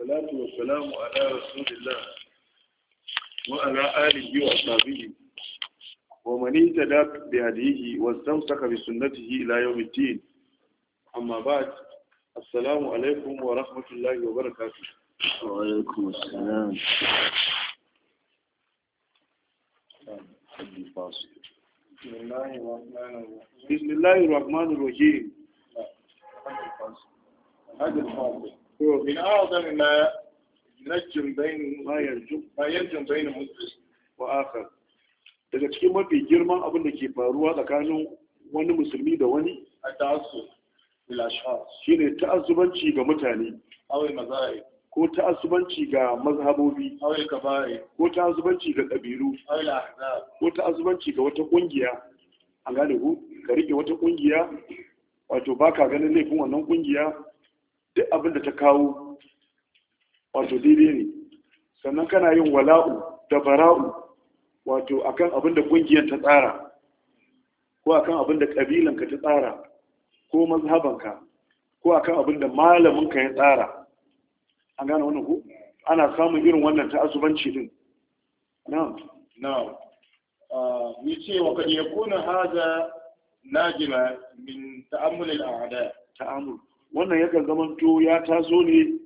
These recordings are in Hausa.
salatu wa salamu ala rasulillah wa ala alihi wa sahbihi wa man ihtada bi hadihi wa istamsaka bi sunnatihi ila yawm al amma ba'd assalamu alaikum wa rahmatullahi wa barakatuh wa alaikum assalam بسم الله الرحمن الرحيم بسم الله الرحمن الرحيم هذا الفاصل to min a'zam ma yunajjim bain ma yarjum ma yarjum bain muslim daga cikin mafi girman abin da ke faruwa tsakanin wani musulmi da wani a ta'assub bil ashkhas shine ga mutane ko ta'assubanci ga mazhabobi ko ta'assubanci ga ƙabilu. ko ta'assubanci ga wata ƙungiya. an gane ku ka rike wata kungiya wato baka ganin laifin wannan ƙungiya? duk abin da ta kawo wato daidai ne sannan kana yin wala'u da bara'u wato akan abin da kungiyar ta tsara ko akan abin da kabilanka ta tsara ko mazhabanka ko akan abin da malaminka ya tsara an gane wannan ku ana samun irin wannan ta'assubanci din na'am na'am ah, ni ce wa kan yakuna hada najima min ta'ammul al'ada ta'ammul wannan yakan zamanto ya taso ne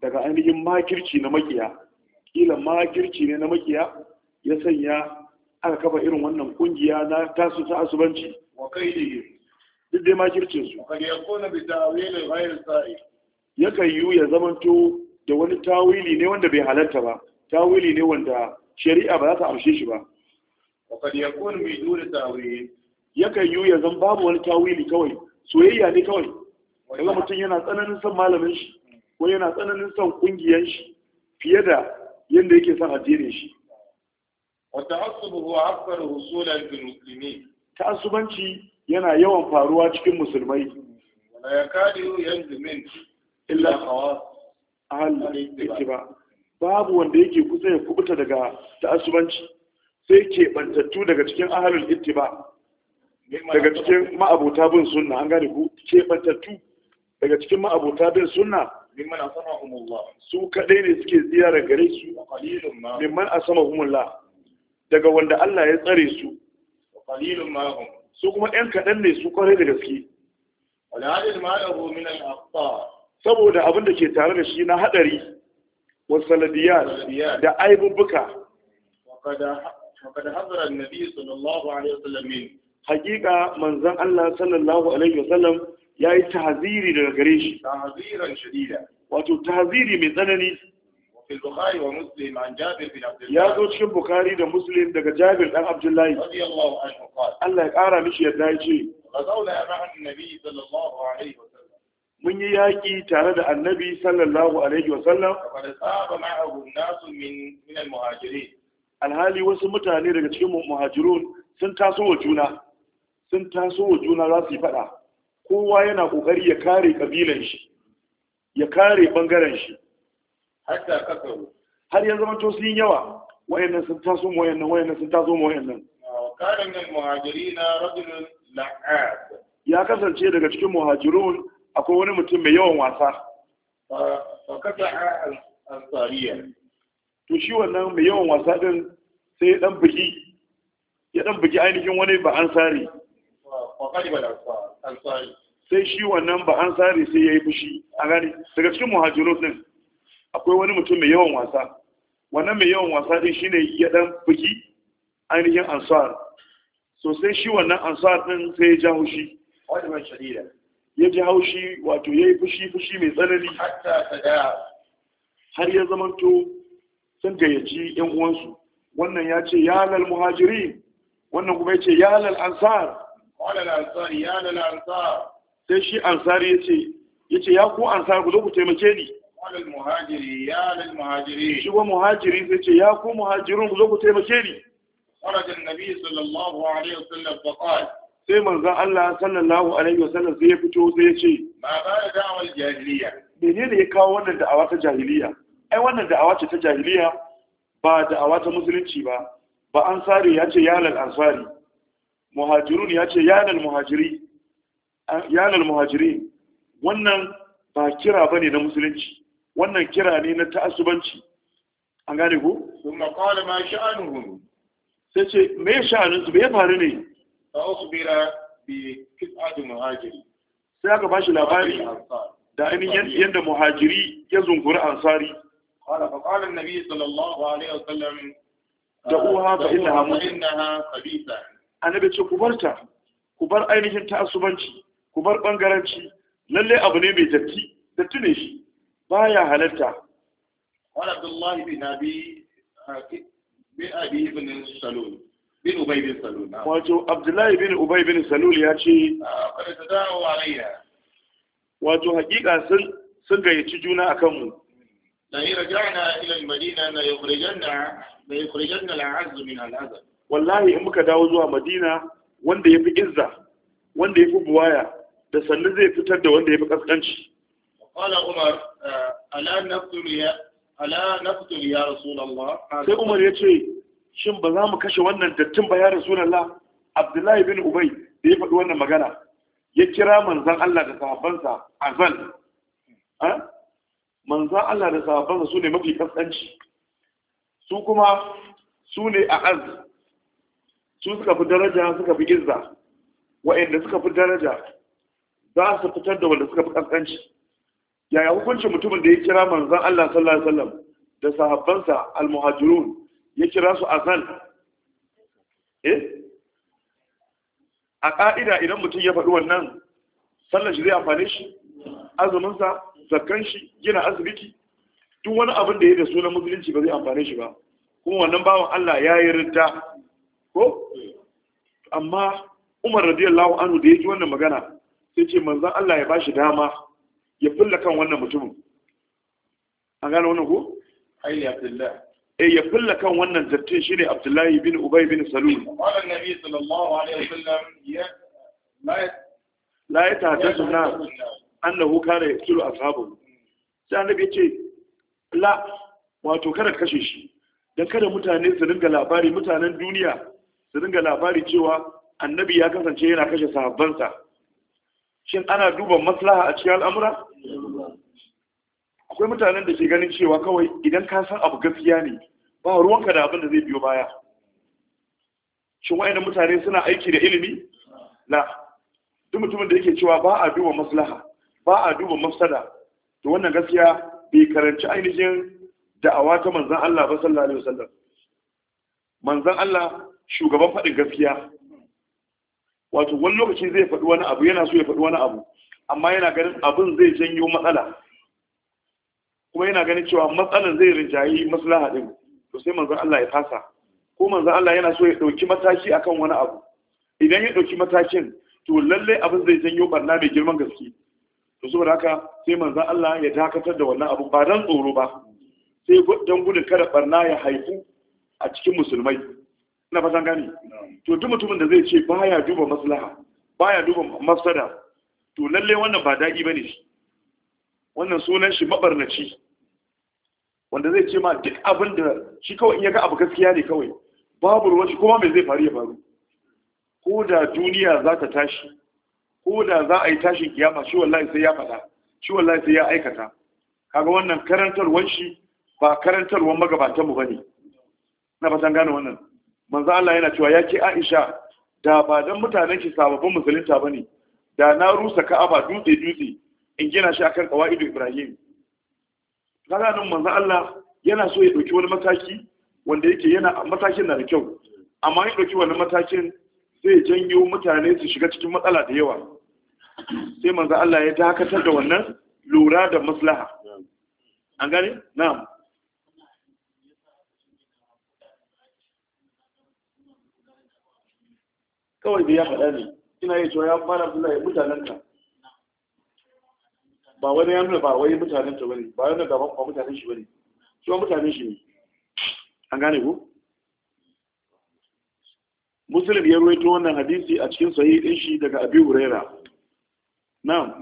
daga ainihin makirci na makiya ƙila makirci ne na makiya ya sanya aka kafa irin wannan kungiya na taso ta asubanci wa kaidi duk dai makircin su kan yakuna yakan ya zamanto da wani tawili ne wanda bai halarta ba tawili ne wanda shari'a ba za ta amshe shi ba wa kan yakun yakan yu ya zan babu wani tawili kawai soyayya ne kawai kaga mutum yana tsananin son malamin shi ko yana tsananin son kungiyan shi fiye da yadda yake son addinin shi wata'assubuhu akthar husulan bil muslimin ta'assubanci yana yawan faruwa cikin musulmai wala yakadu yanzu min illa khawas ahal ba. babu wanda yake kusa ya kubuta daga ta'assubanci sai ke bantattu daga cikin ahalul ittiba daga cikin ma'abuta bin sunna an gane ku ke bantattu daga cikin ma'abuta bin sunna mimman asamahumullah su kaɗai ne suke ziyara gare su a sama asamahumullah daga wanda Allah ya tsare su su kuma 'yan kaɗan ne su kwarai da gaske saboda abin da ke tare da shi na haɗari wa da aibubuka. Haƙiƙa! حضر النبي صلى الله عليه وسلم من ya yi tahaziri daga gare shi shadida wato tahaziri mai tsanani Ya zo cikin عن da بن daga الله يا Abdullahi. Allah ya مسلم ده جابر ya عبد Mun yi yaƙi tare da annabi sallallahu alaihi wasallam alhali wasu mutane daga cikin muhajirun sun taso wa juna sun taso wa juna za su yi fada kowa yana kokari ya kare kabilan shi ya kare bangaren shi hatta kafaru har ya zama to sun yawa wayannan sun taso mu wayannan wayannan sun taso mu wayannan kana min muhajirina rajulun la'ab ya kasance daga cikin muhajirun akwai wani mutum mai yawan wasa fa kata ansariya to shi wannan mai yawan wasa din sai ya dan biki ya dan bugi ainihin wani ba ansari fa kadi ba sai shi wannan ba an sare sai ya yi fushi a gani daga cikin muhajirun din akwai wani mutum mai yawan wasa wannan mai yawan wasa din shine ya dan buki ainihin ansar so sai shi wannan ansar din sai ya ja haushi ya ji haushi wato ya yi fushi fushi mai tsanani har ya zamanto sun gayyaci yan uwansu wannan ya ce ya muhajiri wannan kuma ya ce ya ansar sai shi ansari ya ce ya ce ya ku ansar ku zo ku taimake ni shi wa muhajiri sai ce ya ku muhajirun ku zo ku taimake ni sai manza Allah sallallahu alaihi wasallam sai ya fito sai ya ce Ba da mene ne ya kawo wannan da'awa ta jahiliya ai wannan da'awa ce ta jahiliya ba da'awa ta musulunci ba ba ansari ya ce ya lal ansari muhajirun ya ce yanar muhajiri wannan ba kira ba ne na musulunci wannan kira ne na ta'asubanci an gane ku? sun maƙwale ma sai ce me sha'anunsu bai faru ne ta bera bi muhajiri sai aka ba shi labari da ainihin yadda muhajiri ya zunguri ansari Da uwa النبي صلى الله annabi ce ku barta ku bar ainihin ta'assubanci ku bar bangaranci lalle abu ne mai datti datti ne shi baya halatta wala abdullahi bin abi bin abi ibn salul bin ubay bin salul wato abdullahi bin ubay bin salul ya ce kada ah, ta dawo alayya wato hakika sun sun gayyaci juna akan mu da irja'na ila al-madina na yukhrijanna la yukhrijanna al-'azm min al-'azab wallahi in muka dawo zuwa madina wanda ya fi izza wanda ya fi buwaya da sannan zai fitar da wanda ya fi kaskanci umar eh, ya sai umar ya ce shin ba za mu kashe wannan dattin ba ya la? abdullahi bin ubay da ya faɗi wannan magana ya kira manzan Allah da sahabbansa azal manzan Allah da sahabbansa su ne mafi kaskanci su kuma su ne a az su suka fi daraja suka fi izza wa'inda suka fi daraja za su fitar da wanda suka fi kaskanci yaya hukuncin mutumin da ya kira manzan Allah sallallahu alaihi wasallam da sahabbansa al ya kira su azan eh a ƙa'ida idan mutum ya faɗi wannan sallar shi zai amfane shi azuminsa zakkan shi gina asibiti duk wani abin da ya da sunan musulunci ba zai amfane shi ba kuma wannan bawan Allah ya yi ridda ko amma umar radiyallahu anhu da ya wannan magana sai ce manzon Allah ya bashi dama ya fulla kan wannan mutumin an gane wannan ko ayi abdullah eh ya fulla kan wannan zattin shine abdullahi bin ubay ibn salul qala annabi sallallahu alaihi wasallam ya la ya annahu kana yaqtulu ashabahu sai annabi ya ce la wato kada kashe shi dan kada mutane su dinga labari mutanen duniya su dinga labari cewa annabi ya kasance yana kashe sahabbansa shin ana duba maslaha a cikin al'amura akwai mutanen da ke ganin cewa kawai idan ka san abu gaskiya ne ba ruwanka da abin da zai biyo baya shin wa'annan mutane suna aiki da ilimi la duk mutumin da yake cewa ba a duba maslaha ba a duba mafsada to wannan gaskiya bai karanci ainihin da'awa ta manzon Allah ba sallallahu alaihi wasallam manzon Allah shugaban faɗin gaskiya wato wani lokaci zai faɗi wani abu yana so ya faɗi wani abu amma yana ganin abin zai janyo matsala kuma yana ganin cewa matsalan zai rinjayi maslaha din to sai manzon Allah ya fasa ko manzon Allah yana so ya dauki mataki akan wani abu idan ya dauki matakin to lalle abin zai janyo barna mai girman gaske to saboda haka sai manzon Allah ya dakatar da wannan abu ba dan tsoro ba sai dan gudun kada barna ya haifu a cikin musulmai na fatan gani to duk mutumin da zai ce baya duba maslaha baya duba mafsada to lalle wannan ba dadi bane shi wannan sunan shi mabarnaci wanda zai ce ma duk abin da shi kawai in ya ga abu gaskiya ne kawai babu ruwan shi kuma mai zai faru ya faru ko da duniya za ta tashi ko da za a yi tashin kiyama shi wallahi sai ya faɗa shi wallahi sai ya aikata kaga wannan karantarwar shi ba karantarwar magabatanmu ba ne na fatan gane wannan manzo Allah yana cewa yake Aisha da ba dan mutanen ki sababbin musulunta bane da na rusa Ka'aba dutse dutse in gina shi akan kawaidu Ibrahim kaga nan manzo Allah yana so ya dauki wani mataki wanda yake yana matakin da kyau amma ya dauki wani matakin zai janyo mutane su shiga cikin matsala da yawa sai manzo Allah ya dakatar da wannan lura da maslaha an gane na'am kawai da ya faɗa ne ina yi cewa ya fara abdullahi mutanen ka ba wani ya nuna ba wai mutanen ta bane ba wani da ba mutanen shi wani shi wa mutanen shi ne an gane ku musulun ya ruwaito wannan hadisi a cikin sahih din shi daga abi huraira na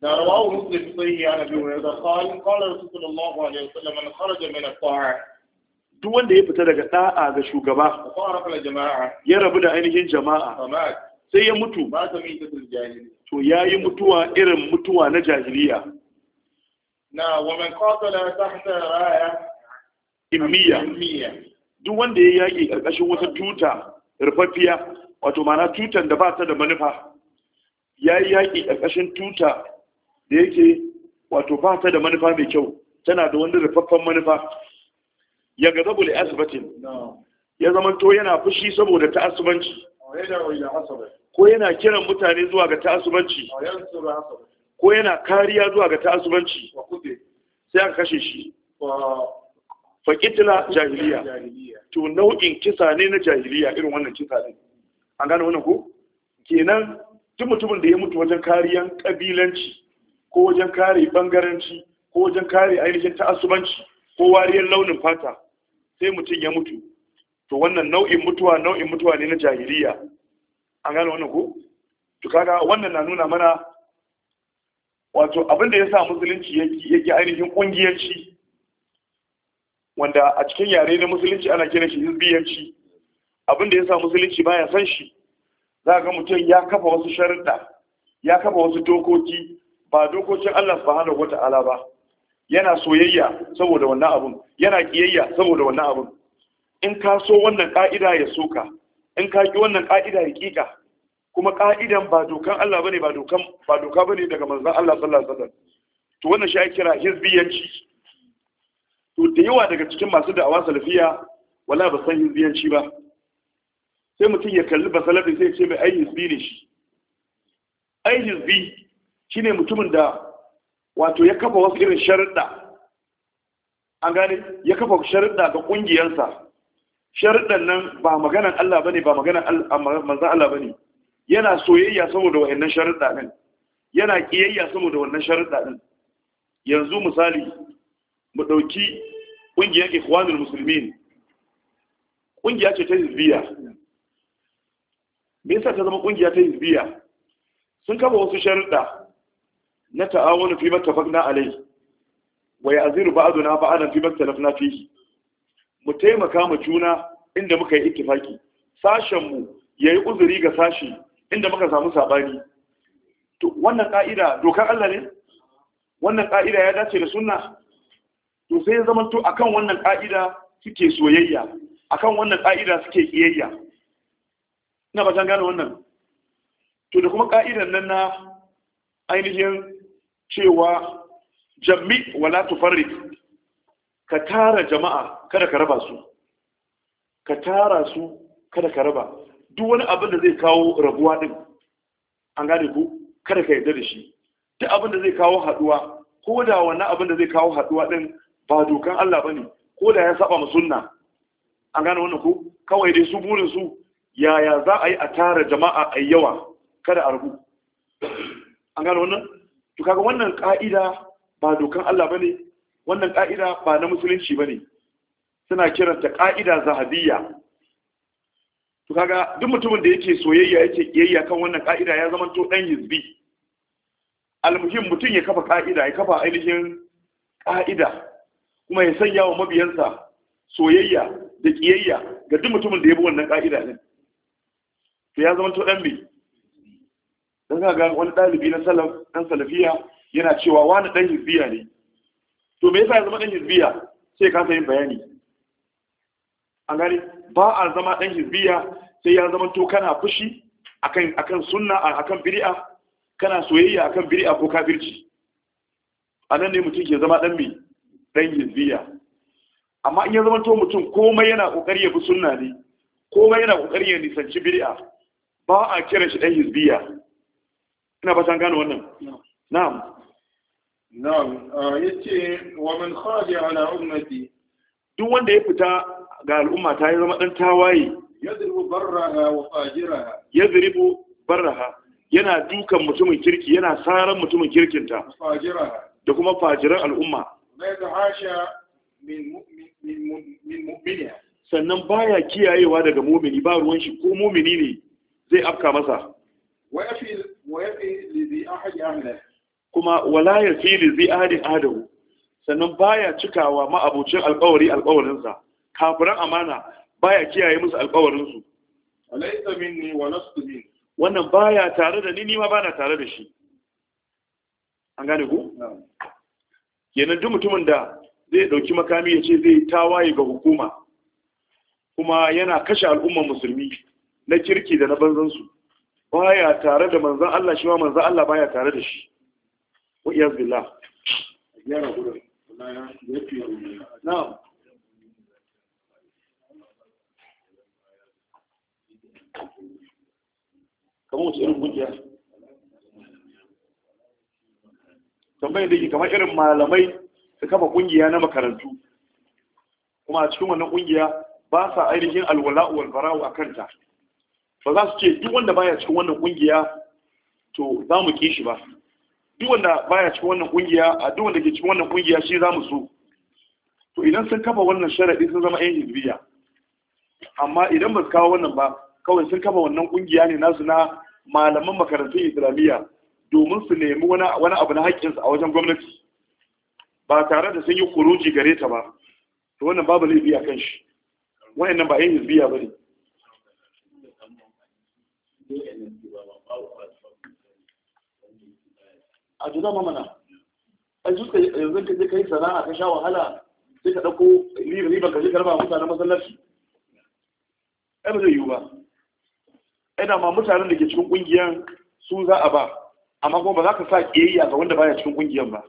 da rawahu muslim sahih an abi huraira qala qala rasulullahi sallallahu alaihi wasallam man kharaja min at-ta'a duk wanda ya fita daga da'a ga shugaba ya rabu da ainihin jama'a sai ya mutu to ya yi mutuwa irin mutuwa na jahiliya na raya duk wanda ya yaƙi ƙarƙashin wata tuta rufaffiya wato mana tutan da ba ta da manufa ya yi yaƙi ƙarƙashin tuta da yake wato ba ta da manufa mai kyau tana da wani rufaffen manufa ya gazabu li asbatin ya zamanto yana fushi saboda ta'asubanci ko yana kiran mutane zuwa ga ta'asubanci ko yana kariya zuwa ga ta'asubanci sai aka kashe shi faƙitila jahiliya to nau'in kisa ne na jahiliya irin wannan kisa ne an gane wannan ko kenan duk mutumin da ya mutu wajen kariyan ƙabilanci ko wajen kare bangaranci ko wajen kare ainihin ta'asubanci ko wariyar launin fata sai mutum ya mutu to wannan nau'in mutuwa nau'in mutuwa ne na jahiliya an gane wannan ko to kaga wannan na nuna mana wato abin da ya sa musulunci yake ainihin kungiyarci wanda a cikin yare na musulunci ana kiran shi hizbiyanci abin da ya sa musulunci baya san shi za ga mutum ya kafa wasu sharuɗa ya kafa wasu dokoki ba dokokin Allah subhanahu wata'ala ba yana soyayya saboda wannan abun yana kiyayya saboda wannan abun in ka so wannan ka'ida ya soka in ka ki wannan ka'ida ya kika kuma ka'idan ba dokan Allah bane ba dokan ba doka bane daga manzon Allah sallallahu alaihi wasallam to wannan shi ake kira hizbiyanci to da yawa daga cikin masu da'awa salafiya wala ba san hizbiyanci ba sai mutum ya kalli ba salafi sai ya ce mai ai hizbi ne shi ai hizbi shine mutumin da wato ya kafa wasu irin sharuɗa an gane ya kafa sharuɗa ga ƙungiyarsa sharuɗan nan ba maganan Allah bane ba maganan manzan Allah bane yana soyayya saboda wa'annan sharuɗa ɗin yana ƙiyayya saboda wannan sharuɗa ɗin yanzu misali mu ɗauki ƙungiyar ikhwanul musulmin ƙungiya ce ta hizbiya me yasa ta zama ƙungiya ta hizbiya sun kafa wasu sharuɗa na ta'awun fi mattafaqna alai wa ya'ziru ba'duna ba'dan fi mattalafna fihi mu taimaka ma juna inda muka yi ittifaki sashen mu yayi uzuri ga sashi inda muka samu sabani to wannan ka'ida dokar Allah ne wannan ka'ida ya dace da sunna to sai ya zama to akan wannan ka'ida suke soyayya akan wannan ka'ida suke kiyayya ina ba gane wannan to da kuma ka'idan nan na ainihin cewa Jami wala tufarrik ka tara jama'a kada ka raba su ka tara su kada ka raba duk wani abin da zai kawo rabuwa din an gane ku kada ka yarda da shi duk abin da zai kawo haduwa ko da wannan abin da zai kawo haduwa din ba dokan Allah bane ko da ya saba mu sunna an gane wannan ku kawai dai su burin su yaya za a yi a tara jama'a a yawa kada a rubu, an gane wannan to kaga wannan ka'ida ba dokan Allah bane wannan ka'ida ba na musulunci bane suna kiranta ka'ida zahabiyya to kaga duk mutumin da yake soyayya yake kiyayya kan wannan ka'ida ya zama to dan yizbi almuhim mutum ya kafa ka'ida ya kafa ainihin ka'ida kuma ya sanya wa mabiyansa soyayya da kiyayya ga duk mutumin da ya bi wannan ka'ida din to ya zama to dan bi don ga wani ɗalibi na salaf ɗan salafiya yana cewa wani ɗan hizbiya ne to me yasa ya zama ɗan hizbiya sai ka yin bayani an gani ba a zama ɗan hizbiya sai ya zama to kana fushi akan akan sunna akan bid'a kana soyayya akan bid'a ko kafirci anan ne mutum ke zama ɗan me ɗan hizbiya amma in ya zama to mutum komai yana kokari ya bi sunna ne komai yana kokari ya nisanci bid'a ba a kira shi ɗan hizbiya ina ba san gane wannan na'am na'am ah, yace wa man khadi ala ummati duk wanda ya fita ga al'umma ta yi zama dan tawaye yadribu barraha wa fajiraha yadribu barraha yana dukan mutumin kirki yana saran mutumin kirkinta da kuma fajiran al'umma sannan baya kiyayewa daga mumini ba ruwan shi ko mumini ne zai afka masa kuma wala ya fi lizi ahadin ahadahu sannan baya cikawa ma'abocin alƙawari alƙawarinsa kafiran amana baya kiyaye musu alƙawarinsu alaysa minni wa lastu min wannan baya tare da ni ni ma bana tare da shi an gane ku kenan duk mutumin da zai dauki makami ya ce zai tawaye ga hukuma kuma yana kashe al'umman musulmi na kirki da na banzansu baya tare da manzan Allah shi ma manzan Allah baya tare da shi wa iyaz ya rabu kamar wasu irin da ke kamar irin malamai su kafa kungiya na makarantu kuma a cikin wannan kungiya ba sa ainihin alwala'uwar barawa a kanta ba za su ce duk wanda baya cikin wannan kungiya to za mu kishi ba duk wanda baya cikin wannan kungiya a duk wanda ke cikin wannan kungiya shi za mu so to idan sun kafa wannan sharadi sun zama yan hizbiya amma idan ba su kawo wannan ba kawai sun kafa wannan kungiya ne nasu na malaman makarantun islamiyya domin su nemi wani abu na haƙƙinsu a wajen gwamnati ba tare da sun yi kuruji gare ta ba to wannan babu laifi a kan shi wa'annan ba yan hizbiya ba ne a juda mamana a juka yanzu ka yi sana'a ka sha wahala sai ka ɗauko riba ka je karba mutanen masallaci ai ba zai yiwu ba ai ma mutanen da ke cikin ƙungiyar su za a ba amma kuma ba za ka sa ƙiyayya ga wanda baya cikin ƙungiyar ba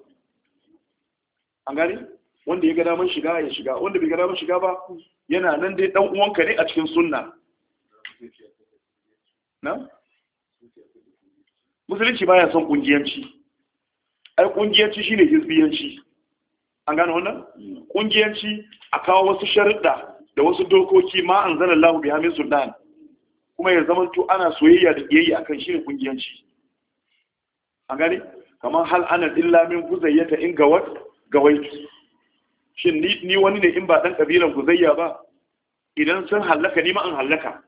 an gani wanda ya ga daman shiga ya shiga wanda bai ga daman shiga ba yana nan dai dan uwanka ne a cikin sunna na musulunci baya son kungiyanci ai kungiyanci shine hizbiyanci an gano wannan kungiyanci a kawo wasu sharuɗa da wasu dokoki ma an zana lahu bi hamin sultan kuma ya zama to ana soyayya da yayi akan shine kungiyanci an gane kamar hal ana illa min guzayyata in gawat shin ni wani ne in ba dan kabilan guzayya ba idan sun hallaka ni ma an hallaka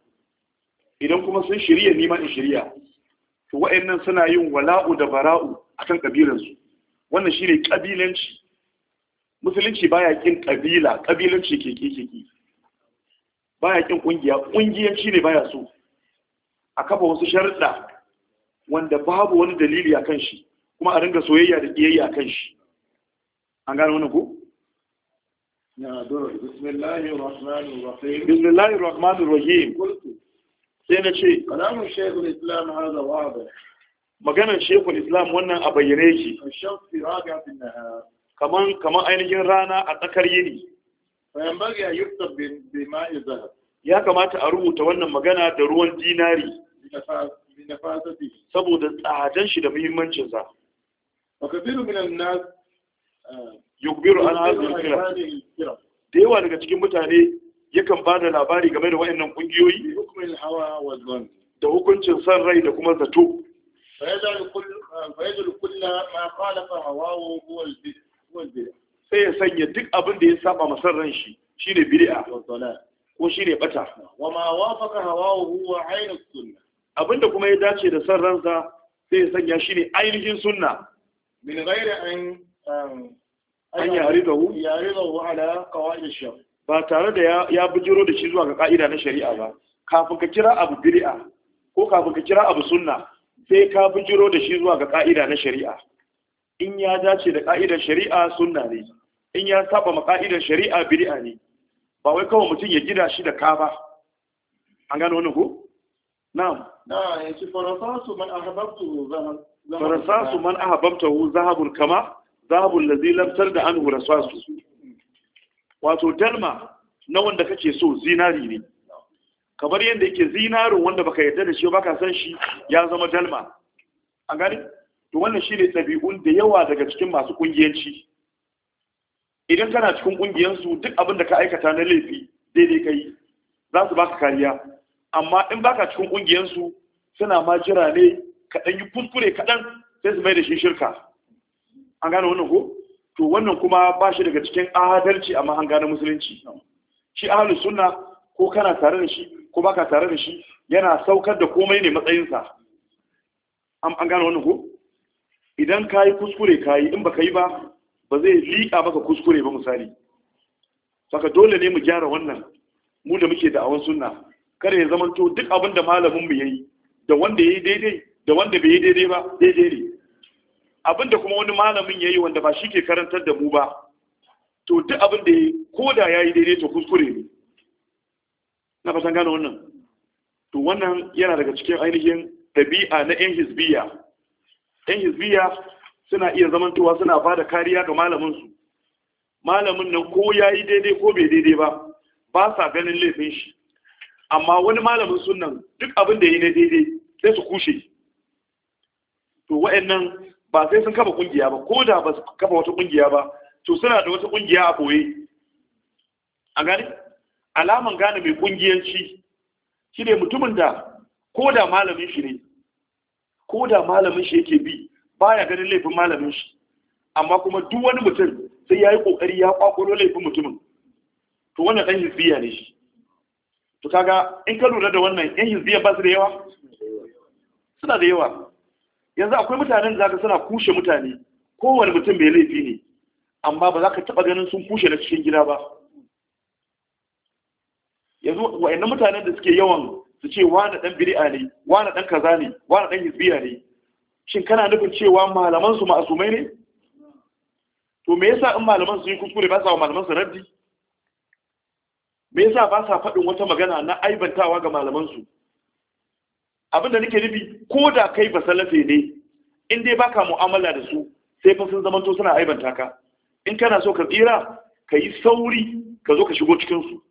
idan kuma sun shirya nima in shirya to wa'annan suna yin wala'u da bara'u akan kabilansu wannan shine kabilanci musulunci baya kin kabila kabilanci ke ke ke baya kin kungiya kungiyanci ne baya so a kafa wasu sharuɗa wanda babu wani dalili akan shi kuma a ringa soyayya da kiyayya akan shi an gano wannan ko na dole bismillahir rahmanir rahim bismillahir rahmanir rahim sai na ce kalamun shekul islam har da wa'ada maganar shekul islam wannan a bayyane shi kaman kaman ainihin rana a tsakar yini bayan bagi a yukta bi ma'i ya kamata a rubuta wannan magana da ruwan dinari saboda tsadan shi da muhimmancin sa wakabiru minan na ah, yukbiru an hazin kira da yawa daga cikin mutane yakan ba da labari game da waɗannan ƙungiyoyi hukmil hawa wa dhann da hukuncin san rai da kuma zato fa yadul ah, ma khalafa hawahu huwa al-bid'a sai ya sanya duk abin da ya saba masar ran shi ne biri'a ko shi ne bata wa ma wafaqa hawahu huwa ainu sunna abinda kuma ya dace da san ransa sai ya sanya shi ne ainihin sunna min ghairi an um, an yaridahu yaridahu ala kawai da shar ba tare da ya bijiro da shi zuwa ga ka'ida na shari'a ba kafin ka kira abu bid'a ko kafin ka kira abu sunna sai ka bijiro da shi zuwa ga ka'ida na shari'a in ya dace da ka'idar shari'a sunna ne in ya saba ma ka'idar shari'a bid'a ne ba wai kawai mutum ya gida shi da ka ba an gano wani ku? na'am na ya ci farasasu man ahabbtu farasasu man ahabbtu zahabul kama zahabul ladhi lam tarda anhu rasasu wato dalma na wanda kake so zinari ne kamar yadda yake zinarin wanda baka yarda da shi ba ka san shi ya zama dalma A gani to wannan shine ɗabi'un da yawa daga cikin masu kungiyanci idan kana cikin kungiyansu duk abin da ka aikata na laifi daidai kai za su baka kariya amma in baka cikin kungiyansu suna ma jira ne kaɗan yi kuskure kaɗan sai su mai da shi shirka an gane wannan ko to wannan kuma ba shi daga cikin adalci amma an gane musulunci shi ahalus sunna ko kana tare da shi Kuma ka tare da shi yana saukar da komai ne matsayinsa an gano wannan ko idan ka yi kuskure ka yi in baka yi ba ba zai liƙa maka kuskure ba misali saka dole ne mu gyara wannan mu da muke da awon sunna kada ya zamanto duk abin da malamin mu yayi da wanda yayi daidai da wanda bai yi daidai ba daidai ne abin da kuma wani malamin yayi wanda ba shi ke karantar da mu ba to duk abin da yayi ko da yayi daidai to kuskure ne na fatan gane wannan to wannan yana daga cikin ainihin dabi'a na 'yan hizbiya 'yan hizbiya suna iya zamantowa suna ba da kariya ga malaminsu malamin nan ko ya yi daidai ko bai daidai ba ba sa ganin laifin shi amma wani malamin sunan duk abin da ya yi na daidai sai su kushe to wa'annan ba sai sun kafa kungiya ba ko da ba su kafa wata kungiya ba to suna da wata kungiya a boye a gani alaman gane mai kungiyanci shi ne mutumin da ko da malamin shi ne ko da malamin shi yake bi baya ganin laifin malamin shi amma kuma duk wani mutum sai ya yi kokari ya kwakwaro laifin mutumin to wannan dan hizbiya ne shi to kaga in ka lura da wannan yan yanzu ba su da yawa suna da yawa yanzu akwai mutanen da zaka suna kushe mutane kowane mutum mai laifi ne amma ba za ka taba ganin sun kushe na cikin gida ba yanzu wa'annan mutanen da suke yawan su ce wani dan bid'a ne wani dan kaza ne wani dan hizbiya ne shin kana nufin cewa malaman su ma'asumai ne to me yasa in malaman su yi kuskure ba sa wa malaman su raddi me yasa ba sa faɗin wata magana na aibantawa ga malaman su abinda nake nufi ko da kai ba salafe ne in dai baka mu'amala da su sai fa sun zamanto suna aibanta ka in kana so ka tsira ka yi sauri ka zo ka shigo cikin su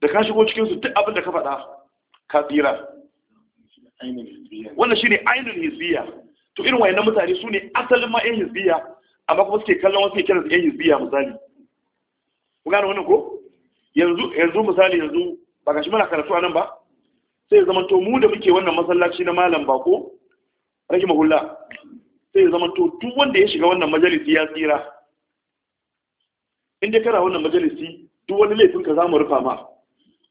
da ka shigo cikin su duk abin da ka faɗa ka tsira wannan shine ainihin hizbiya to irin wayannan mutane su ne asalin ma yan hizbiya amma kuma suke kallon wasu kiran su yan hizbiya misali ku gane wannan ko yanzu yanzu misali yanzu ba ga shi mana karatu anan ba sai zama to mu da muke wannan masallaci na malam bako mahulla sai zama to duk wanda ya shiga wannan majalisi ya tsira in dai kana wannan majalisi duk wani laifin ka zamu rufa ma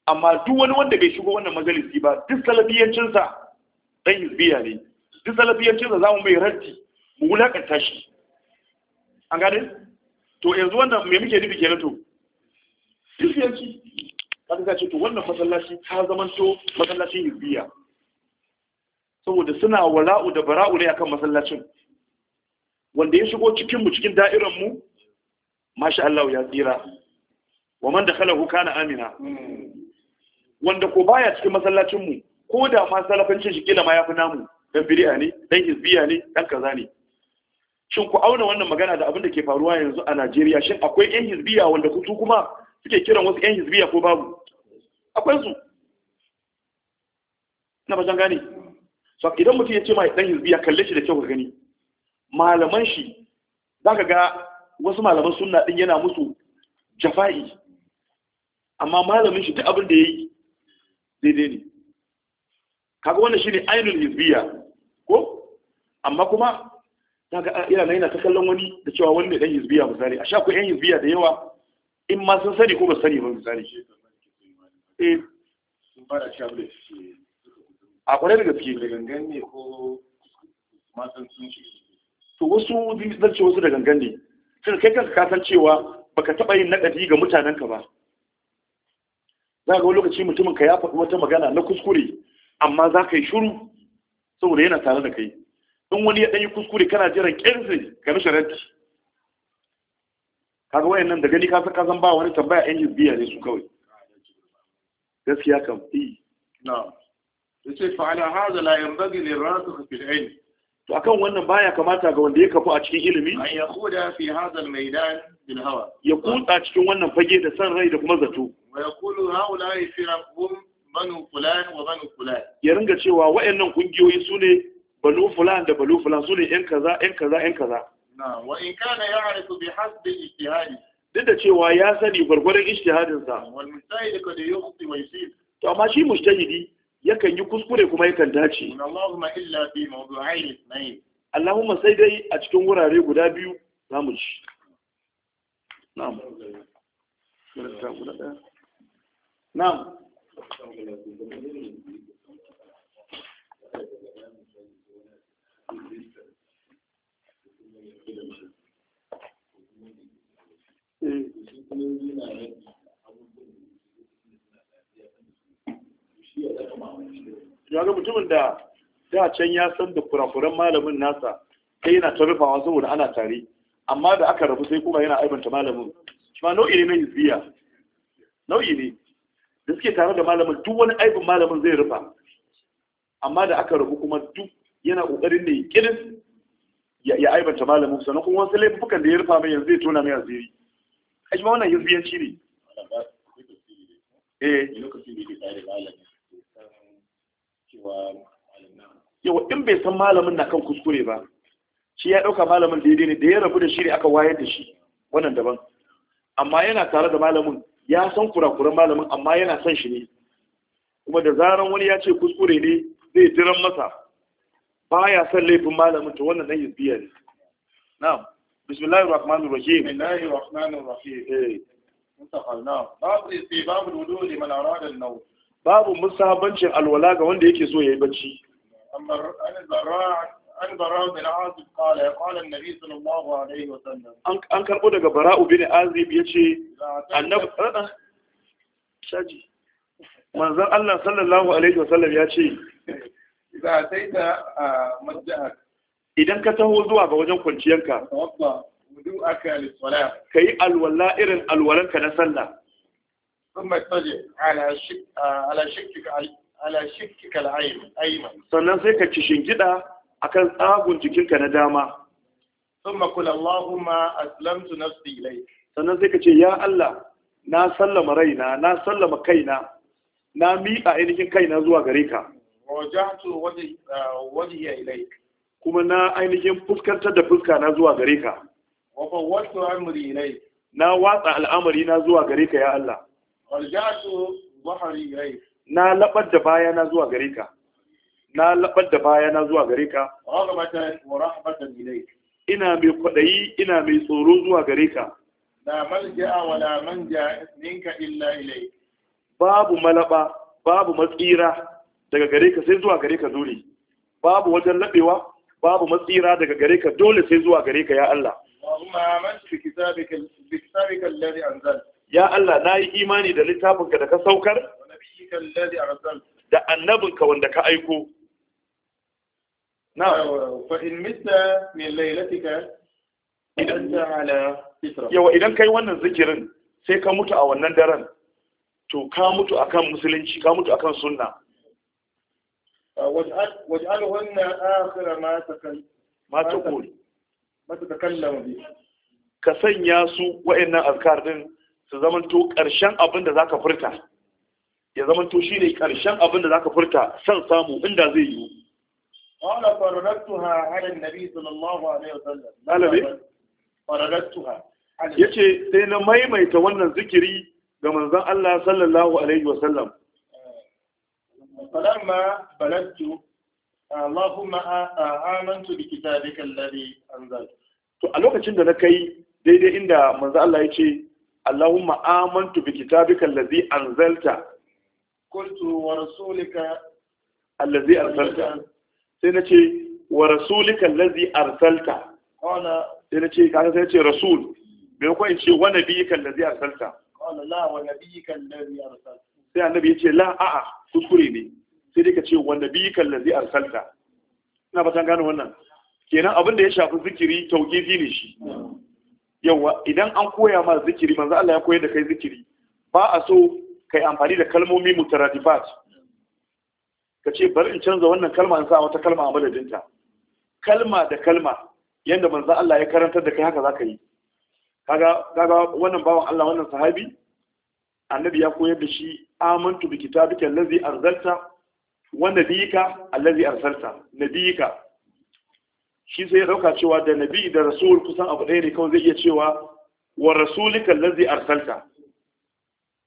amma duk wani wanda bai shigo wannan majalisi ba duk salafiyancinsa dan hizbiya ne duk salafiyancinsa za mu mai raddi mu wulaƙanta shi an gane to yanzu wannan me muke nufi kenan to hizbiyanci kada ka ce to wannan masallaci ta zamanto masallacin hizbiya saboda suna wala'u da bara'u ne akan masallacin wanda ya shigo cikin mu cikin da'iran mu mashi Allah ya tsira wa man dakhalahu kana amina hmm. wanda ko baya cikin masallacin mu ko da ma salafancin shi kila ma yafi namu dan biriya ne dan hizbiya ne dan kaza ne shin ku auna wannan magana da abin da ke faruwa yanzu a Najeriya shin akwai ƴan hizbiya wanda kutu kuma suke kiran wasu ƴan hizbiya ko babu akwai su na ba gane so idan mutum ya ce mai dan hizbiya kalle shi da kyau ka gani malaman shi zaka ga wasu malaman sunna din yana musu jafa'i amma malamin shi duk abin da yayi daidai ne kaga wannan shine ainihin hizbiya ko amma kuma kaga ina ah, na yana ta kallon wani da cewa wani ne dan hizbiya misali a sha ko yan hizbiya da yawa in ma sun sani ko ba sani ba misali eh sun fara shabre a kwarai da gaske da gangan ne ko matan sun shi to wasu zan ce wasu da gangan ne tun kai kanka ka san cewa baka taba yin nakadi ga ka ba za ga lokaci mutumin ka ya faɗi wata magana na kuskure amma za ka yi shuru saboda yana tare da kai in wani ya ɗan yi kuskure kana jiran ƙirzi ka mishi ranti wayan wayannan da gani ka san kasan ba wani tambaya yan jizbiya ne su kawai gaskiya kam eh na yace ce fa'ala haza la yanbaghi rasu da ilm to akan wannan baya kamata ga wanda ya kafu a cikin ilimi an ya kuda hawa ya kutsa cikin wannan fage da san rai da kuma zato wa ya ringa cewa wayannan kungiyoyi sune banu fulan da banu fulan ne yan kaza yan kaza yan kaza na bi duk da cewa ya sani gwargwaron ijtihadin sa to amma shi mujtahidi yakan yi kuskure kuma yakan dace Allahumma illa sai dai a cikin wurare guda biyu zamu ci na'am na'am Eh. yaga ga mutumin da da can ya san da kurakuran malamin nasa kai yana ta rufawa saboda ana tare amma da aka rabu sai kuma yana aibanta malamin shi ma nau'i ne na hizbiya nau'i ne da suke tare da malamin duk wani aibin malamin zai rufa amma da aka rabu kuma duk yana kokarin da kirin ya aibanta malamin sannan kuma wasu laifukan da ya rufa mai yanzu zai tona mai asiri a shi ma wannan hizbiyanci ne eh yawa in bai san malamin na kan kuskure ba shi ya ɗauka malamin daidai ne da ya rabu da shi ne aka wayar da shi wannan daban amma yana tare da malamin ya san kurakuran malamin amma yana son shi ne kuma da zaran wani ya ce kuskure ne zai jiran masa Ba ya son laifin malamin to wannan nan yi ne na'am bismillahir rahmanir rahim bismillahir rahmanir rahim eh mutafal babu sai babu wudu liman arada babu musabancin alwala ga wanda yake so ya yi bacci an karɓo daga bara'u bin azib ya ce annabi manzan allah sallallahu alaihi wasallam ya ce idan ka taho zuwa ga wajen kwanciyanka ka yi alwala irin alwalanka na sallah ثم اطلع على شك على شكك على شكك الايمن sannan sai ka ci shingida akan tsagun jikinka na dama ثم قل اللهم اسلمت نفسي اليك sannan sai ka ce ya Allah na sallama raina na sallama kaina na miƙa ainihin kaina zuwa gare ka wajahtu wajhiya ilayk kuma na ainihin fuskantar da fuska na zuwa gare ka wa fawwatu amri ilayk na watsa al'amari na zuwa gare ka ya Allah na labar da baya na zuwa gare ka na labar da baya na zuwa gare ka ina mai kwaɗayi ina mai tsoro zuwa gare ka la malja'a wa la manja minka illa ilayk babu malaba babu matsira daga gare ka sai zuwa gare ka dole babu wajen labewa babu matsira daga gare ka dole sai zuwa gare ka ya Allah Allahumma amantu bi kitabika bi kitabika alladhi anzalta ya Allah na yi imani da littafinka da ka saukar da annabinka wanda ka aiko yawa idan ka yi wannan zikirin sai ka mutu a wannan daren to ka mutu akan musulunci ka mutu akan sunna waj'alhunna akhira ma takan ma taqul ma ka sanya su wa'in nan alkardin su zamanto ƙarshen abin da za ka furta ya zamanto shi ne ƙarshen abin da za ka furta son samu inda zai yiwu wala fararattuha ala nabi sallallahu alaihi wasallam yace sai na maimaita wannan zikiri ga manzon Allah sallallahu alaihi wasallam falamma Allahumma amantu bi kitabika alladhi anzalta to a lokacin da na kai daidai inda Manzo Allah ce. Allahumma amantu bi kitabika allazi anzalta qultu wa rasulika allazi arsalta sai nace wa rasulika allazi arsalta qala sai nace kaga sai nace rasul bai ko ce wa nabiyika allazi arsalta qala la sai annabi yace la a'a kuskure ne sai dai ka ce wa nabiyika allazi arsalta ina ba gano wannan kenan abin da ya shafi zikiri tauqifi ne shi hmm. yawa idan an koya ma zikiri manzo Allah ya koyar da kai zikiri ba a so kai amfani da kalmomi mutaradifat ka ce bari in canza wannan kalma in sa wata kalma a madadinta kalma da kalma yanda manzo Allah ya karantar da kai haka zaka yi kaga kaga wannan bawan Allah wannan sahabi annabi ya koyar da shi amantu bi kitabika allazi arzalta wa nabiyika allazi arsalta nabiyika shi sai ya dauka cewa da nabi da rasul kusan abu ɗaya ne kawai zai iya cewa wa rasulika allazi arsalta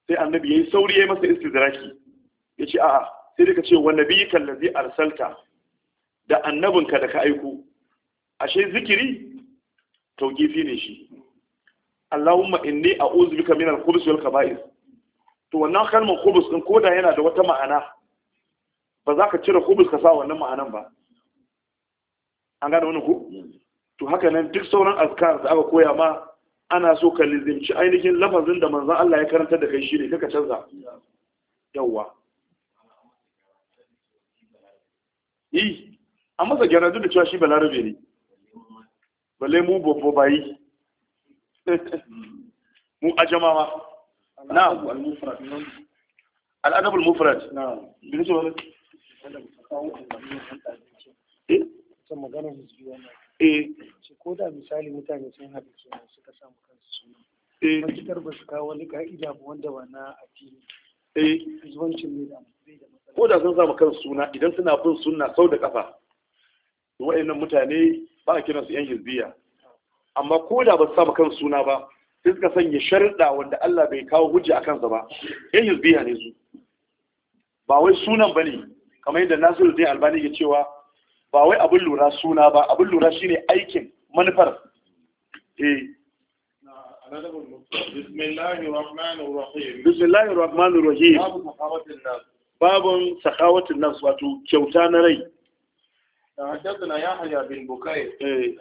sai annabi yayi sauri yayi masa istidraki yace a'a sai dai ka ce wa nabiyika allazi arsalta da annabinka da ka aiko ashe zikiri tawqifi ne shi Allahumma inni a'udhu bika al khubuthi wal kaba'ir to wannan kalmar khubus din koda yana da wata ma'ana ba za ka cire khubus ka sa wannan ma'anan ba an gane wani ku to haka nan duk sauran azkar da aka koya ma ana so ka lizimci ainihin lafazin da manzan Allah ya karanta da kai shi ne kaka canza yawa yi a masa gyara duk da cewa shi balarabe ne balle mu babba bayi mu a jama'a na al'adabul mufrad na son magana su ji wannan eh ce ko da misali mutane sun haɗu suna suka samu kansu suna eh matukar ba su kawo wani ka'ida ba wanda ba na addini eh zuwancin ne da ko da sun samu kansu suna idan suna bin suna sau da kafa to wa'annan mutane ba a kiransu yan hizbiya amma ko da ba su samu kansu suna ba sai suka sanya sharuɗa wanda Allah bai kawo hujja a kansa ba yan hizbiya ne su ba wai sunan ba ne, kamar yadda Nasiruddin Albani ke cewa ba wai abin lura suna ba abin lura shine aikin manufar eh bismillahir rahmanir rahim babun sakhawatin nafs wato kyauta na rai حدثنا يحيى بن بكير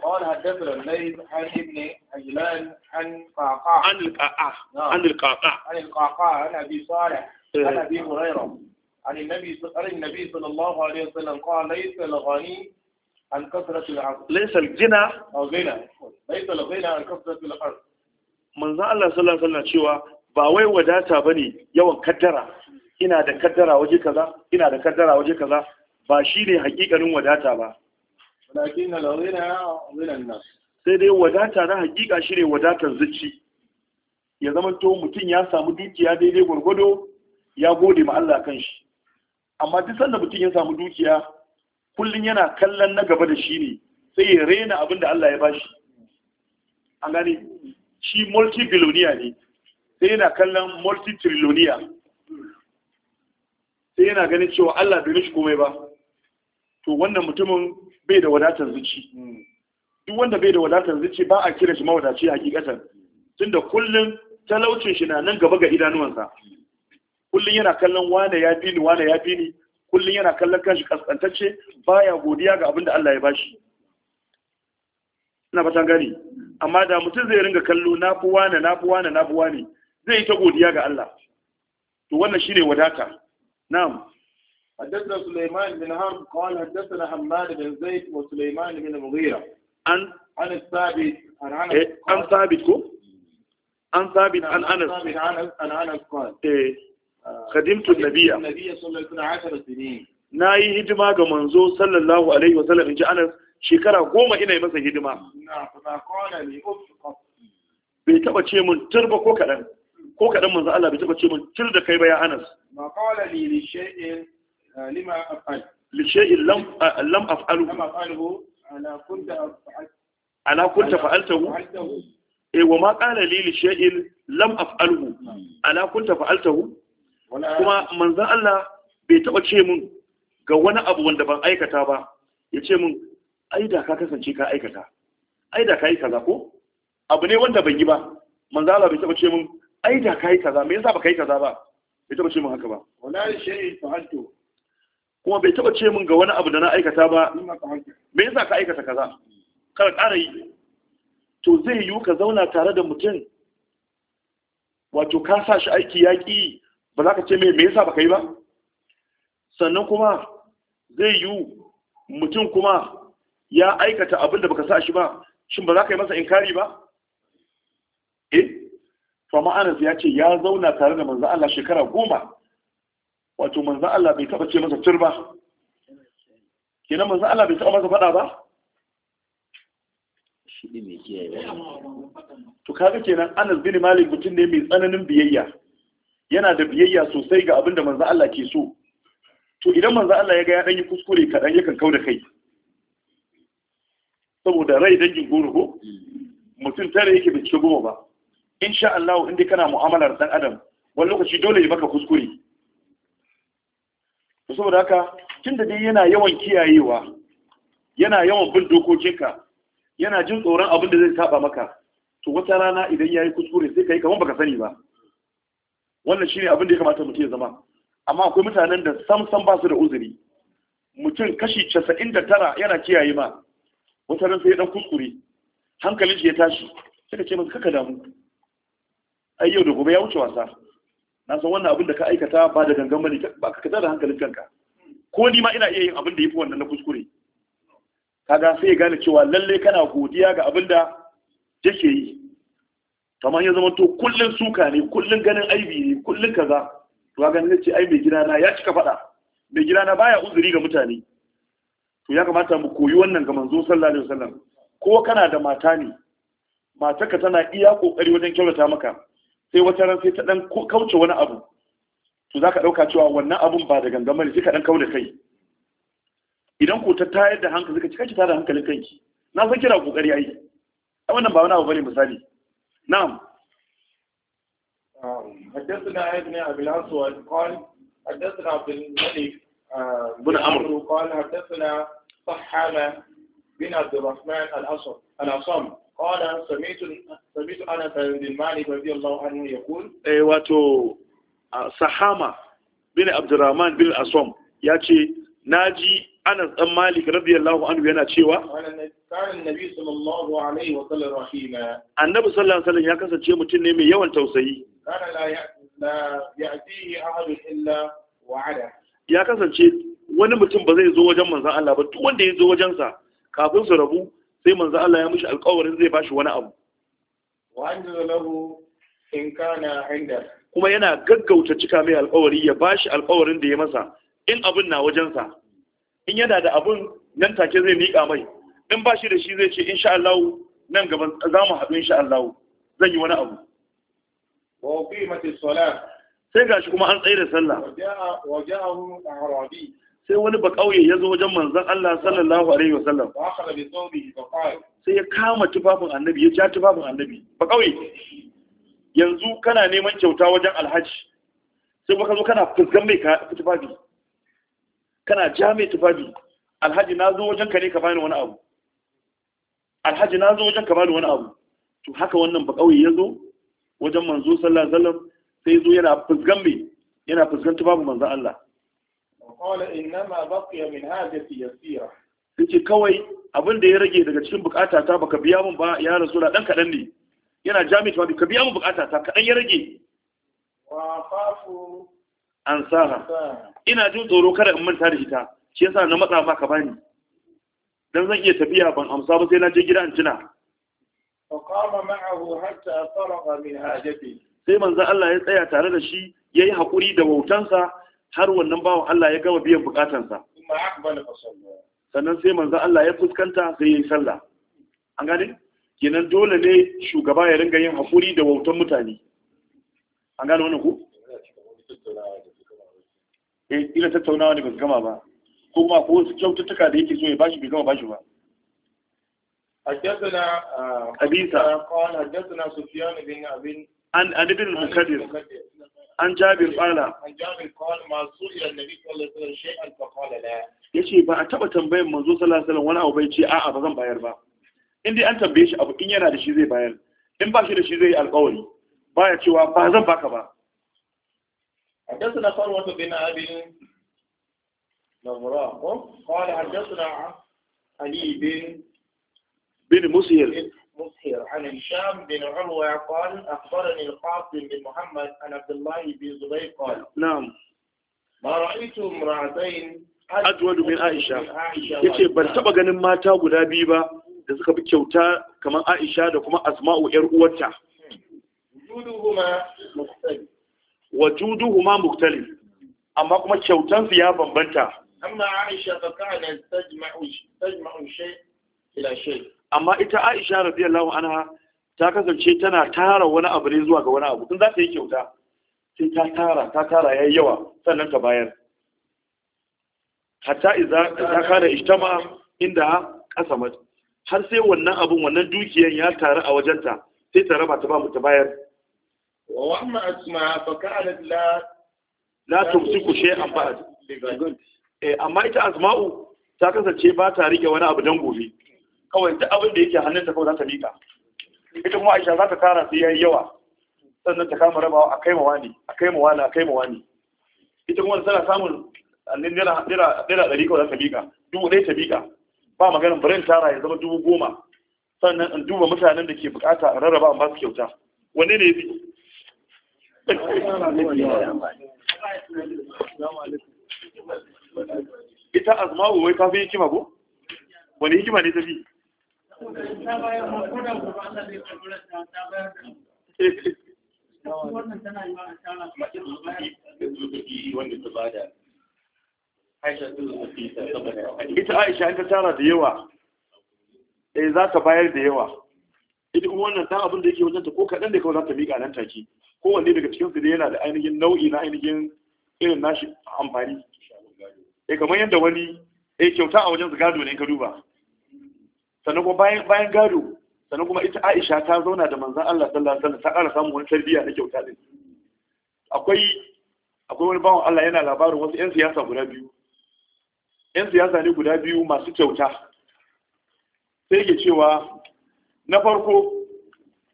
قال حدثنا الليث عن ابن عجلان عن قعقاع عن القعقاع عن القعقاع عن القعقاع عن ابي صالح عن ابي هريره عن النبي عن النبي صلى الله عليه وسلم قال ليس الغني عن كثرة العرض ليس الغنى أو غنى ليس الغنى عن كثرة العرض من ذا الله صلى الله عليه وسلم شوى ba wai wadata ne yawan kaddara ina da kaddara waje kaza ina da kaddara waje kaza ba shine hakikanin wadata ba nas sai dai wadata na hakika shine wadatar zuci ya zama to mutum ya samu dukiya daidai gwargwado ya gode ma Allah kan shi amma duk sanda mutum ya samu dukiya kullum yana kallon na gaba da shi ne sai ya rena abin da Allah ya bashi an gane shi multi billionaire ne sai yana kallon multi trillionaire sai yana ganin cewa Allah bai mishi komai ba to wannan mutumin bai da wadatar zuci duk wanda bai da wadatar zuci ba a kira shi mawadaci hakikatan tunda kullum talaucin shi na nan gaba ga idanuwansa kullum yana kallon wane ya bi ni wane ya bi ni kullum yana kallon kanshi kaskantacce baya godiya ga abin da Allah ya bashi ina fatan gani amma da mutum zai ringa kallo na fi wane na fi wane na fi wane zai yi ta godiya ga Allah to wannan shine wadata na'am حدثنا سليمان بن هرب قال حدثنا حماد بن زيد وسليمان بن مغيرة عن عن الثابت عن عن ثابت عن ثابت عن انس عن انس قال ايه khadimtu nabiyya na yi hidima ga manzo sallallahu alaihi wa sallam inji anas shekara goma ina yi masa hidima bai taba ce mun turba ko kaɗan ko kaɗan manzo Allah bai taba ce mun tur da kai ba ya anas ma qala li li shay'in eh, lima af'al li shay'in lam eh, lam af'alu ala kunta af'al ala kunta fa'altahu eh wa ma qala li li shay'in lam af'alhu hmm. ala kunta fa'altahu kuma manzan Allah bai taɓa ce mun ga wani abu wanda ban aikata ba ya ce mun ai da ka kasance ka aikata ai da ka yi kaza ko abu ne wanda ban yi ba manzan Allah bai taɓa ce mun ai da ka yi kaza me yasa ba ka yi kaza ba bai taɓa ce mun haka ba wala shay'in fa'altu kuma bai taɓa ce mun ga wani abu da na aikata ba me yasa ka aikata kaza kar ƙara yi to zai yiwu ka zauna tare da mutum wato ka sa shi aiki yaƙi ba za ka ce mai me yasa ka yi ba sannan kuma zai yi mutum kuma ya aikata abin da baka sa shi ba shin ba za ka yi masa inkari ba eh to ma'anas ya ce ya zauna tare da manzan Allah shekara goma wato manzan Allah bai taba ce masa ba kenan manzan Allah bai taba masa fada ba shi ne to kaga kenan Anas bin Malik mutum ne mai tsananin biyayya yana da biyayya sosai ga abin da manzo Allah ke so to idan manzo Allah ya ga ya danyi kuskure kaɗan yakan kau da kai saboda rai dangin goro ko mutum tare yake bincike goma ba insha Allah inda kana mu'amalar dan adam wani lokaci dole ya maka kuskure to saboda haka tunda dai yana yawan kiyayewa yana yawan bin dokokinka yana jin tsoron abin da zai saba maka to wata rana idan yayi kuskure sai kai kamar baka sani ba wannan shine abin da ya kamata mutum ya zama amma akwai mutanen da sam sam ba su da uzuri mutum kashi casa'in da tara yana kiyaye ma wata ran sai dan kuskure hankalin shi ya tashi sai ka ce masa kaka damu ai yau da gobe ya wuce wasa na san wannan abin da ka aikata ba da gangan bane ba ka kada da hankalin kanka ko ni ma ina iya yin abin da yafi wannan na kuskure kaga sai ya gane cewa lalle kana godiya ga abin da yake yi kamar ya zama to kullun suka ne kullun ganin aibi ne kullun kaza to ga ne ce ai mai na ya cika faɗa mai na baya uzuri ga mutane to ya kamata mu koyi wannan ga manzo sallallahu alaihi wasallam ko kana da mata ne ka tana iya kokari wajen kyautata maka sai wata ran sai ta dan kauce wani abu to zaka dauka cewa wannan abun ba da gangama ne sai ka dan kauda kai idan ko ta tayar da hankali ka cika ki da hankalin kanki na san kira kokari ai wannan ba wani abu bane misali نعم حدثنا ابن ابي الاسود قال حدثنا عبد الملك بن عمرو قال حدثنا صحابه بن عبد الرحمن الاصم الاصم قال سمعت سمعت انس بن مالك رضي الله عنه يقول اي واتو آه، صحامه بن عبد الرحمن بن الاصم ياتي ناجي Anas ɗan Malik radiyallahu anhu yana cewa Annabi sallallahu alaihi wasallam ya kasance mutum ne mai yawan tausayi ya kasance wani mutum ba zai zo wajen manzan Allah ba duk wanda ya zo wajen sa kafin su rabu sai manzan Allah ya mishi alƙawarin zai bashi wani abu kuma yana gaggauta cika mai alƙawari ya bashi alƙawarin da ya masa in abin na wajensa in yana da abun nan take zai miƙa mai in ba shi da shi zai ce insha Allah nan gaba za mu haɗu insha Allah zan yi wani abu wa qimati salat sai gashi kuma an tsaye da sallah wa ja'ahu arabi sai wani ba kauye ya zo wajen manzon Allah sallallahu alaihi wasallam sai ya kama tufafin annabi ya ja tufafin annabi ba kauye yanzu kana neman kyauta wajen alhaji sai baka zo kana fuskan mai tufafi kana jami tufafi alhaji na zo wajen ka ne ka bani wani abu alhaji na zo wajen ka bani wani abu to haka wannan ba kauye ya zo wajen manzo sallallahu alaihi wasallam sai zo yana fuskan me yana fuskan tufafin manzon Allah qala innama baqiya min hajati yasira yace kawai abin da ya rage daga cikin bukata ta baka biya mun ba ya rasu da dan kadan ne yana jami tufafi ka biya mun bukata ta kadan ya rage wa fafu an saha ina jin tsoro kada in manta da ita shi yasa na matsa maka bani dan zan iya tafiya ban amsa ba sai na je gida in tuna فقام ma'ahu hatta faraga min hajati sai manzo Allah ya tsaya tare da shi yayi hakuri da wautansa har wannan bawo Allah ya gama biyan bukatansa sannan sai manzo Allah ya fuskanta sai yayi sallah an gane kenan dole ne shugaba ya ringa yin hakuri da wautan mutane an gane wannan ku eh ila tattaunawa ne ba su gama ba kuma ko wasu kyaututtuka da yake so ya bashi bai gama bashi ba حدثنا أبيسا قال حدثنا سفيان بن أبي عن عن ابن المكدر عن جابر قال عن جابر قال ما سئل النبي صلى الله عليه وسلم شيئا فقال لا yace ba a taba tambayar manzo sallallahu alaihi wasallam wani abu bai ce a'a ba zan bayar ba in dai an tambaye shi abu in yana da shi zai bayar in ba shi da shi zai yi alƙawari ya cewa ba zan baka ba حدثنا فروة بن أبي نضراء قال حدثنا علي بن بن مسهر مسهر عن هشام بن عروة قال أخبرني القاسم بن محمد عن عبد الله بن زبير قال نعم ما رأيت امرأتين أجود من عائشة يتي بل تبقى نما تاغدا بيبا da suka fi kyauta kamar Aisha da kuma Asma'u ‘yar uwarta. Wujuduhuma mustaqim wa juduhuma muktalif amma kuma kyautan su ya bambanta amma Aisha fa kana tajma'u tajma'u shay ila shay amma ita Aisha radiyallahu anha ta kasance tana tara wani abu ne zuwa ga wani abu tun za ta yi kyauta sai ta tara ta tara yayi yawa sannan ta bayar hatta idza ta kana ijtama inda kasamat har sai wannan abun wannan dukiyan ya taru a wajenta sai ta raba ta ba mu ta bayar wa amma asma لا لا تمسك la بعد shay'an ba'd eh amma ita asma'u ta kasance ba ta rike wani abu dan gobe kawai duk abin da yake hannunta kawai ita kuma Aisha za ta sai yayi yawa sannan ta kama rabawa a kai mawa ne a kai mawa a kai ne ita kuma tana samun naira ɗari kawai ta bika dubu ɗaya ta bika ba maganin birin tara ya zama dubu goma sannan in duba mutanen da ke bukata in rarraba in ba su kyauta wanne ne ya fi ita azma'u wai ta fi hikima ko wani hikima ne ta fi ita aisha in ta tara da yawa e za ta bayar da yawa ita kuma wannan ta abin da yake wajen ta ko kaɗan da kawai za ta miƙa nan take kowanne daga cikinsu dai yana da ainihin nau'i na ainihin irin nashi amfani eh kamar yadda wani eh kyauta a wajen gado ne ka duba sannan kuma bayan bayan gado sannan kuma ita Aisha ta zauna da manzon Allah sallallahu alaihi wasallam ta ƙara samun wani tarbiyya na kyauta din akwai akwai wani bawan Allah yana labarin wasu 'yan siyasa guda biyu Yan siyasa ne guda biyu masu kyauta sai yake cewa na farko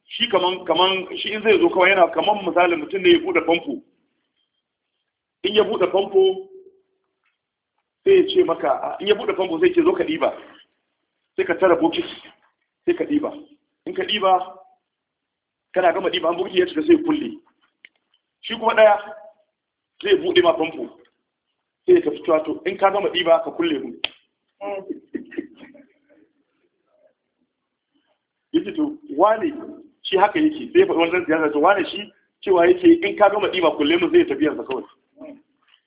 shi kaman kaman shi in zai zo kawai yana kaman misali mutum ne ya bude famfo in ya bude famfo sai ya ce maka ah, in ya bude famfo sai ya ce zo ka diba sai ka tara bokiti sai ka diba in ka diba kana gama diba an bokiti ya cika sai kulle shi kuma daya zai bude ma famfo sai ka fito to in ka gama diba ka kulle mu eh. yace to wani shi haka yake sai faɗi wannan siyasa to wani shi cewa yake in ka gama ɗiba kulle mu zai tafi sa kawai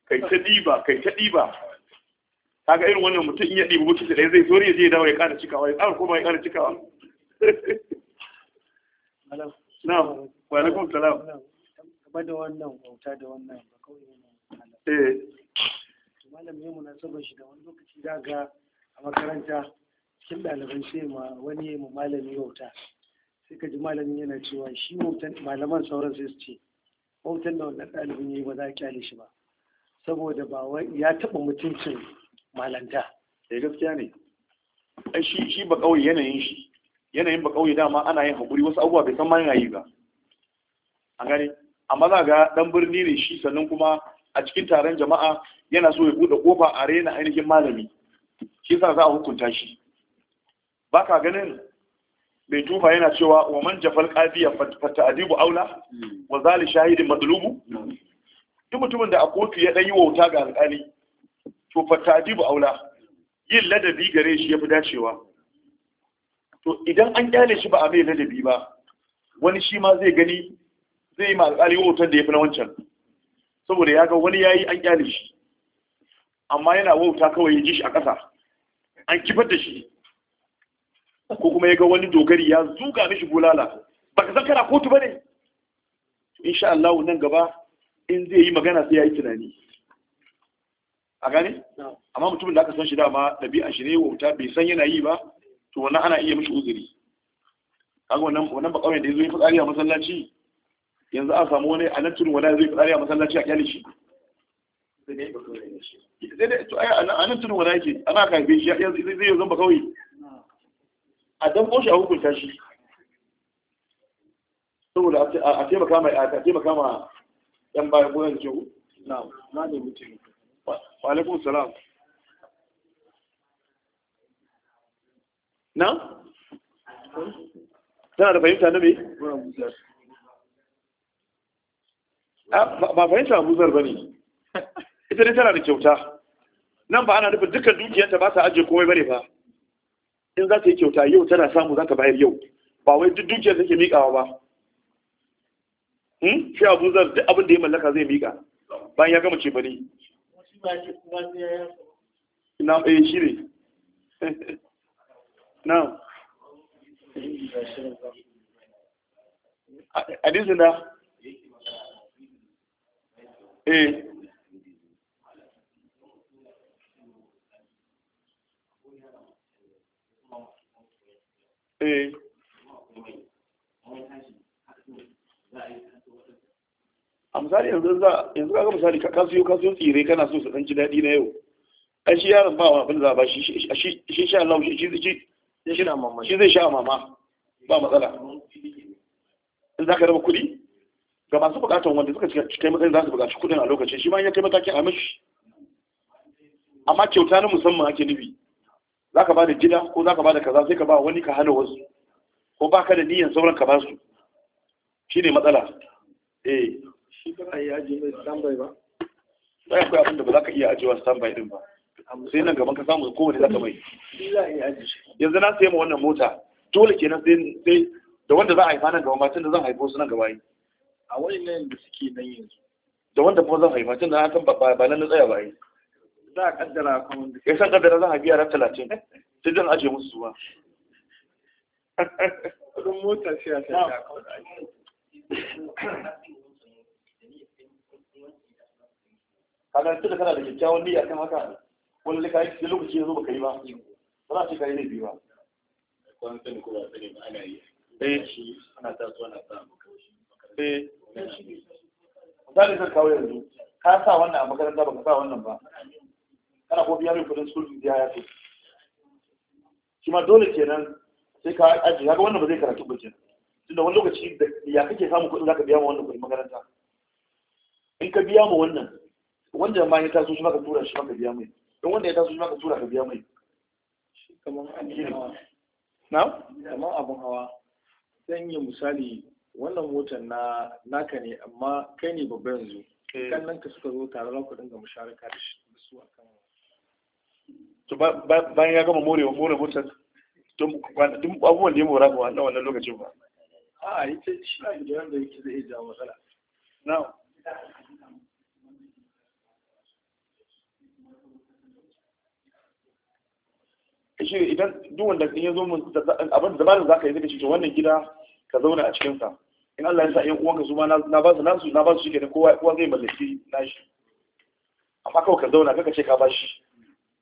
kai ta ɗiba kai ta ɗiba kaga irin wannan mutum in ya ɗiba mutum da ɗaya zai zo ya je dawo ya ƙara cikawa ya ƙara koma ya ƙara cikawa na'am wa alaikum salam gaba da wannan wauta da wannan ba kawai yana eh malam ya munasabar shi da wani lokaci za ga a makaranta cikin ɗaliban sai ma wani ya mu malami wauta sai ka ji malamin yana cewa shi malaman sauran sai su ce wautan da wannan ɗalibin ya yi ba za a kyale shi ba saboda ba ya taɓa mutuncin malanta da eh, gaskiya ne ai shi shi ba kauye yanayin shi yanayin ba kauye dama ana yin hakuri wasu abubuwa bai san ma yana yi ba an gane amma za ga dan birni ne shi sannan kuma a cikin taron jama'a yana so ya bude kofa a rena ainihin malami shi yasa za a hukunta shi baka ganin mai tufa yana cewa wa man jafal qadiya adibu aula wa zali shahidin madlubu duk mutumin da a kotu ya dan yi wauta ga alƙali to adibu aula yin ladabi gare shi yafi dacewa to idan an kyale shi ba a mai ladabi ba wani shi ma zai gani zai yi ma alƙali wautar da yafi na wancan saboda ya ga wani yayi an kyale shi amma yana wauta kawai ya ji shi a ƙasa an kifar da shi ko kuma ya ga wani dogari ya zuga mishi bulala Ba ka san kana kotu bane insha Allah nan gaba in zai yi magana sai ya yi tunani a gane amma mutumin da aka san shi dama ɗabi'an shi ne wauta bai san yana yi ba to wannan ana iya mishi uzuri kaga wannan wannan bakawai da yazo yi fitsari a masallaci yanzu a samu wani a nan wala zai fitsari a masallaci a ne shi sai dai to ai a nan wala yake ana kaife shi zai zo bakawai a damko shi a hukunta shi saboda a taimaka mai a taimaka ma yan baya ko yan jiwu na na ne mutu wa salam na tana da fahimta na me ba fahimta buzar ba ne ita dai tana da kyauta nan ba ana nufin dukkan dukiyarta ba ta ajiye komai bane ba in za ta yi kyauta yau tana samu za ta bayar yau ba wai duk dukiyar take miƙawa ba shi abu zar duk abin da ya mallaka zai miƙa bayan ya gama ce bari na ɗaya shi ne na eh Eh. a misali yanzu za yanzu misali ka siyo ka tsire kana so su dan daɗi na yau ai shi yaron ba wa abin da ba shi shi shi sha Allah shi shi na mama shi zai sha mama ba matsala in za ka raba kuɗi ga masu buƙatar wanda suka kai matsayin za su buƙaci kuɗin a lokacin shi ma ya kai matakin a mishi amma kyauta na musamman ake nufi za ka ba da gida ko za ka ba da kaza sai ka ba wani ka hana wasu ko ba ka da niyan sauran ka ba su shi ne matsala eh shi ba a yi aji mai standby ba sai akwai abin da ba za ka iya ajiyewa standby din ba sai nan gaban ka samu kowane za ka mai yanzu na sayi ma wannan mota dole kenan sai da wanda za a haifa nan gaba tun da zan haifo su nan gaba yi a wani nan da suke nan yanzu da wanda kuma zan haifa tun da na san ba nan na tsaya ba yi za a kaddara kaddara za a biya talatin sai zan aje musu zuwa kudin mota shi a sai da ake kaga kana da kyakkyawan niyya kan haka wani lika shi lokaci ya zo baka yi ba ba za a ce ka ne biyu ba kwan sani ko ba sani ba ana yi eh shi ana tasowa na sa abu eh ba zan kawo yanzu ka sa wannan a makaranta baka sa wannan ba kana ko biya min kudin school fees ya yafi shi ma dole kenan sai ka aji kaga wannan ba zai karatu ba kenan tunda wani lokaci da ya kake samun kudin zaka biya ma wannan kudin makaranta in ka biya ma wannan wanda ma ya taso shi maka tura shi maka biya mai don wanda ya taso shi maka tura ka biya mai kamar abin hawa zan yi misali wannan motar na naka ne amma kai ne babban yanzu kan nan ka suka zo tare da kudin da musharaka da su akan to bayan ya gama morewa more motar tun abubuwan da ya mora ba na wannan lokacin ba a yi ta shi na da yake zai ja matsala na shi idan duk wanda in ya zo mun abin da ba za ka yi zai ce wannan gida ka zauna a cikinsa in Allah ya sa yan uwanka su ma na ba su nasu na ba su shi kenan kowa kowa zai mallaki nashi amma kawai ka zauna kaka ce ka ba shi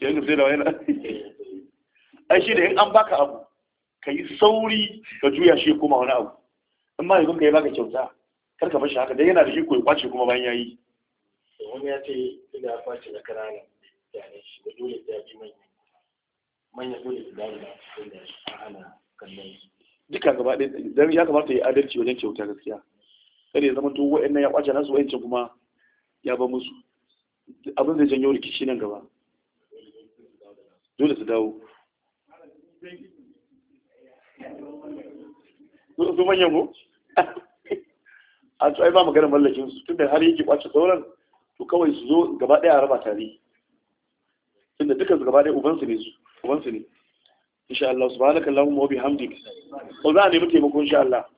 sai da yana ai shi da in an baka abu ka yi sauri ka juya shi kuma wani abu in ma yanzu ka yi baka kyauta kar ka bashi haka dai yana da shi koyi kwace kuma bayan yayi wani ya ce ina kwace na kanana yani shi da dole ya bi manya manya dole su dawo da cikin da ana kallon duka gaba ɗaya dan ya kamata ya adalci wajen kyauta gaskiya kada ya zama to wa'annan ya kwace nasu wa'ancan kuma ya ba musu abin zai janyo rikici nan gaba dole su dawo su manyan ko a su ai ba maganar mallakin su tunda har yake kwace sauran to kawai su zo gaba daya a raba tare tunda duka su gaba daya uban su ne su uban su ne insha Allah subhanakallahumma wa bihamdik ko za a nemi taimakon insha Allah